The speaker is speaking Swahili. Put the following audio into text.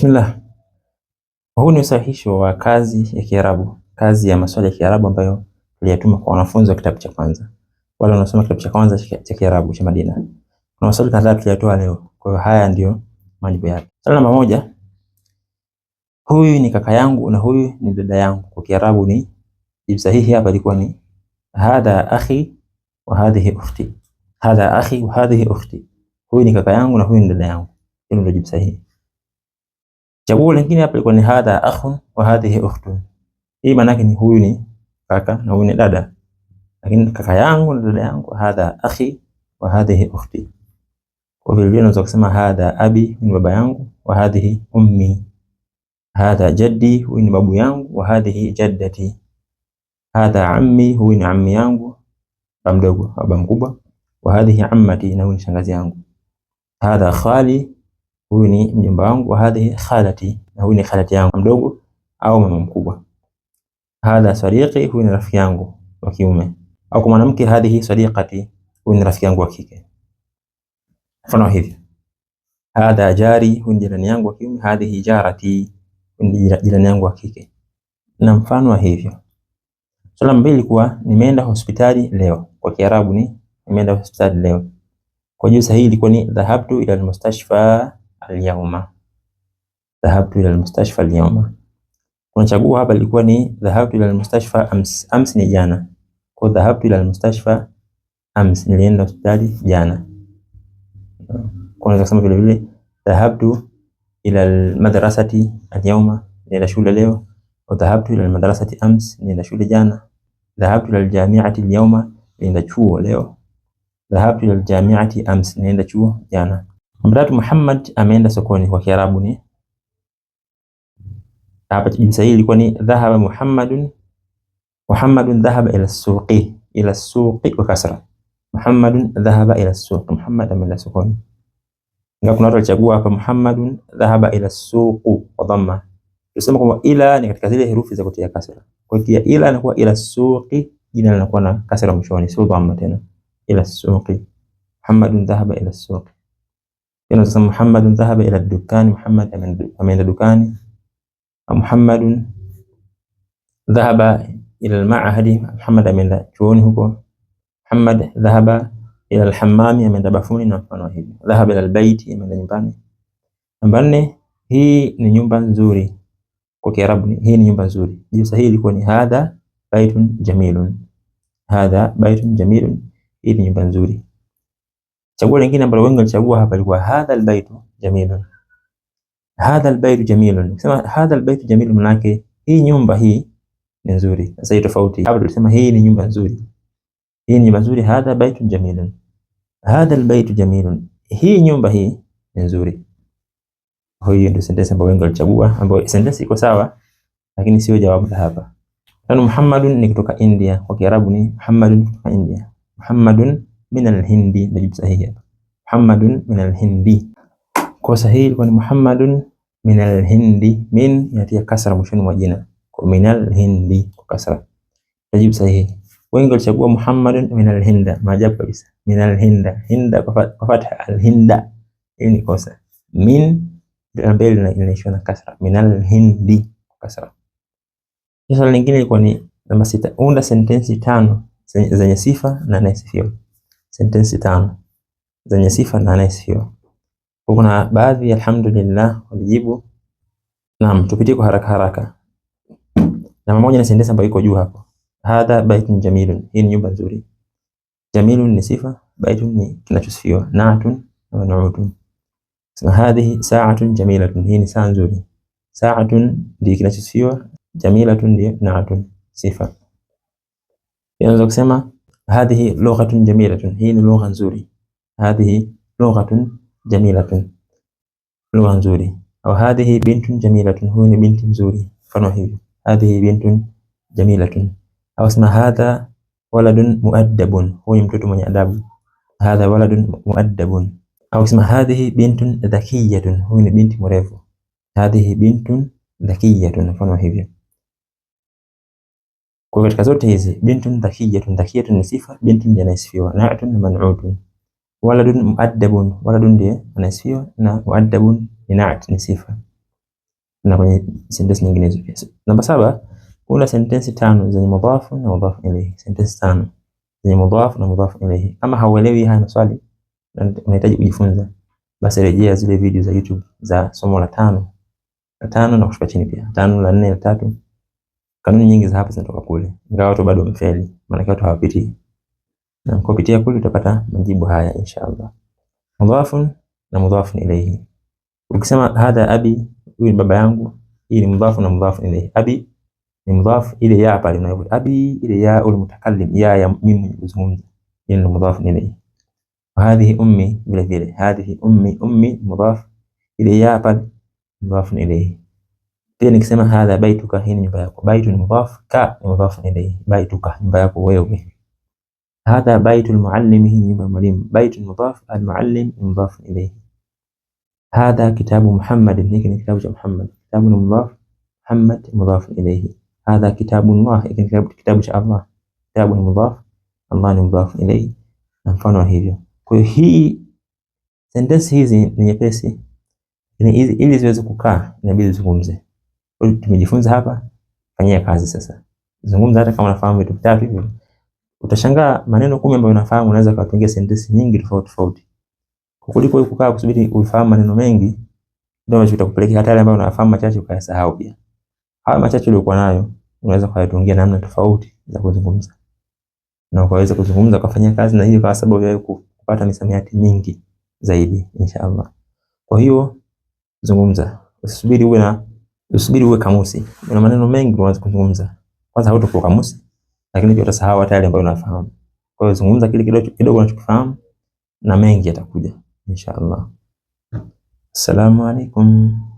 Bismillah. Huu ni usahihisho wa kazi ya Kiarabu, kazi ya maswali ya Kiarabu ambayo tuliyatuma kwa wanafunzi wa kitabu cha kwanza. Wale wanaosoma kitabu cha kwanza cha Kiarabu cha Madina. Kuna maswali kadhaa tuliyatoa leo. Kwa hiyo haya ndio majibu yake. Swali namba moja. Huyu ni kaka yangu na huyu ni dada yangu. Kwa Kiarabu ni jibu sahihi hapa ilikuwa ni hadha akhi wa hadhihi ukhti. Hadha akhi wa hadhihi ukhti. Huyu ni kaka yangu na huyu ni dada yangu. Hilo ndio jibu sahihi. Chaguo lingine hapa ilikuwa ni hadha akhun wa hadhihi ukhtun. Hii maana yake ni huyu ni kaka na huyu ni dada. Lakini kaka yangu na dada yangu, hadha akhi wa hadhihi ukhti. Kwa hivyo unaweza kusema hadha abi, ni baba yangu, wa hadhihi ummi. Hadha jaddi, huyu ni babu yangu, wa hadhihi jaddati. Hadha ammi, huyu ni ammi yangu, baba mdogo, baba mkubwa, wa hadhihi ammati, na huyu ni shangazi yangu. Hadha khali huyu ni mjomba wangu, wa hadhi khalati, na huyu ni khalati yangu mdogo au mama mkubwa. Hadha sadiqi, huyu ni rafiki yangu wa kiume, au kwa mwanamke hadhihi sadiqati, huyu ni rafiki yangu wa kike. Mfano hivi, hadha jari, huyu ni jirani yangu wa kiume. Hadhihi jarati, huyu ni jirani yangu wa kike, na mfano hivyo. Swali mbili kuwa nimeenda hospitali leo, kwa Kiarabu ni nimeenda hospitali leo, kwa juu sahihi ilikuwa ni dhahabtu ila almustashfa alyauma, dhahabtu ila almustashfa alyauma. Kuna chaguo hapa lilikuwa ni dhahabtu ila almustashfa ams, ams ni jana. Kwa dhahabtu ila almustashfa ams, nilienda hospitali jana. Kwa Kunaweza kusema vile vile dhahabtu ila almadrasati alyauma, nilienda shule leo. Au dhahabtu ila almadrasati ams, nilienda shule jana. Dhahabtu ila aljamiati alyauma, nilienda chuo leo. Dhahabtu ila aljamiati ams, nilienda chuo jana. Amratu Muhammad ameenda sokoni kwa Kiarabu ni hapa jinsi hii ilikuwa ni dhahaba Muhammadun Muhammadun dhahaba ila suqi ila suqi kwa kasra. Muhammadun dhahaba ila suq. Muhammad ameenda sokoni. Ingawa kuna watu walichagua hapa Muhammadun dhahaba ila suq kwa dhamma. Tunasema kwamba ila ni katika zile herufi za kutia kasra. Kwa hiyo ila inakuwa ila suqi jina linakuwa na kasra mwishoni, sio dhamma tena. Ila suqi Muhammadun dhahaba ila suqi Inasema Muhammadun dhahaba ila dukani, Muhammad ameenda dukani. Muhammadun dhahaba ila al Muhammad ameenda chuoni huko. Muhammad dhahaba ila al-hammami, ameenda bafuni na mfano hivi. Dhahaba ila al-baiti, ameenda nyumbani. Namba nne, hii ni nyumba nzuri. Kwa Kiarabu hii ni nyumba nzuri. Jibu sahihi ilikuwa ni hadha baitun jamilun, hadha baitun jamilun. Hii ni nyumba nzuri. Chaguo lingine ambalo wengi walichagua hapa ilikuwa hadha albaytu jamilun. Hadha albaytu jamilun. Sema hadha albaytu jamilun manake hii nyumba hii ni nzuri. Sasa hii tofauti. Hapo tulisema hii ni nyumba nzuri. Hii ni nyumba nzuri, hadha baytun jamilun. Hadha albaytu jamilun. Hii nyumba hii ni nzuri. Hiyo ndio sentensi ambayo wengi walichagua, ambayo sentensi iko sawa lakini sio jawabu la hapa. Muhammadun ni kutoka India, kwa Kiarabu ni Muhammadun kutoka India. Muhammadun min alhindi, najibu sahihi hapa. Muhammadun min alhindi, kwa sahihi ilikuwa ni Muhammadun min alhindi. Min inatia kasra mwishoni mwa jina, kwa min alhindi kwa kasra, najibu sahihi. Wengi walichagua Muhammadun min alhinda, maajabu kabisa. Min alhinda, hinda kwa fatha, alhinda hii ni kosa. Min mbele inaishia na kasra, min alhindi kwa kasra. Swali lingine ilikuwa ni namba sita, unda sentensi tano zenye sifa na anayesifiwa sentensi tano zenye sifa nane, sio? Kuna baadhi alhamdulillah walijibu. Naam, tupitie kwa haraka haraka. Namba moja ni sentensi ambayo iko juu hapo, hadha baitun jamilun, hii ni nyumba nzuri. Jamilun ni sifa, baitun ni kinachosifiwa, naatun na nuutun. Sema hadhihi sa'atun jamilatun, hii ni saa nzuri. Sa'atun ndio kinachosifiwa, jamilatun ndio naatun sifa. Yanaweza kusema Hadhihi lughatun jamilatun, hii ni lugha nzuri. Hadhihi lughatun jamilatun, lugha nzuri. Au hadhihi bintun jamilatun, huyu ni binti nzuri. Mfano hivi hadhihi bintun jamilatun. Au sema hadha waladun muaddabun, huyu mtoto mwenye adabu. Hadha waladun muaddabun. Au sema hadhihi bintun dhakiyatun, huyu ni binti mrefu. Hadhihi bintun dhakiyatun, mfano hivyo. Kwa katika zote hizi bintun dhakiyatun, dhakiyatun ni sifa, bintun anayesifiwa, naatun man'utun, waladun muaddabun, waladun ndiye anayesifiwa na muaddabun ni naat, ni sifa na kwenye sentensi nyingine hizo pia. Namba saba, kuna sentensi tano zenye mudhafu na mudhafu ilayhi. Sentensi tano zenye mudhafu na mudhafu ilayhi. Kama hauelewi haya maswali na unahitaji kujifunza, basi rejea zile video za YouTube za somo la tano la tano na kushuka chini pia tano la nne la tatu Kanuni nyingi za hapa zinatoka kule, ingawa watu bado wamefeli, maana watu hawapiti. Na kupitia kule utapata majibu haya inshallah. Mudhafun na mudhafun ilayhi. Ukisema hadha abi, huyu ni baba yangu, hii ni mudhafu na mudhafu ilayhi. Abi ni mudhafu, ile ya pale unayovuta abi, ile ya ul mutakallim, ya ya mimi mzungumza, ile ni mudhafu ilayhi. Wa Hadhihi ummi, vile vile hadhihi ummi, ummi mudhaf, ile ya pale mudhafu ilayhi. Pia nikisema hadha baituka, hii ni nyumba yako. Baitu ni mudhaf, ka ni mudhaf ilayhi. Baituka, nyumba yako wewe. Hadha baitul muallim, hii ni nyumba ya mwalimu. Baitu ni mudhaf, al muallim ni mudhaf ilayhi. Hadha kitabu Muhammadin, hiki ni kitabu cha Muhammad. Kitabu ni mudhaf, Muhammad mudhaf ilayhi. Hadha kitabu Allah, hiki ni kitabu cha Allah. Kitabu ni mudhaf, Allah ni mudhaf ilayhi. Na mfano hivyo. Kwa hiyo hii sentensi hizi ni nyepesi, ili ziweze kukaa inabidi zungumze tumejifunza hapa, fanyia kazi sasa. Zungumza hata kama unafahamu vitu vitatu hivi. Utashangaa maneno kumi ambayo unafahamu unaweza kutungia sentensi nyingi tofauti tofauti. Kuliko wewe kukaa kusubiri ufahamu maneno mengi, ndio unachokupelekea hata yale ambayo unafahamu machache ukayasahau pia. Hayo machache uliyokuwa nayo unaweza kuyatungia namna tofauti za kuzungumza. Na ukaweza kuzungumza ukafanyia kazi na hiyo kwa sababu ya kupata misamiati mingi zaidi inshallah. Kwa hiyo zungumza, usubiri uwe na usubiri uwe kamusi. Una maneno mengi unaweza kuzungumza, kwanza hautakuwa kamusi, lakini pia utasahau hata yale ambayo unafahamu. Kwa hiyo zungumza kile kidogo kidogo unachofahamu na mengi yatakuja inshallah. Assalamu alaykum.